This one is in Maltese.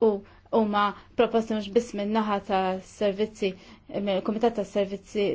u huma proposti mhux biss min-naħa ta' servizzi mill-Kumitat ta' Servizzi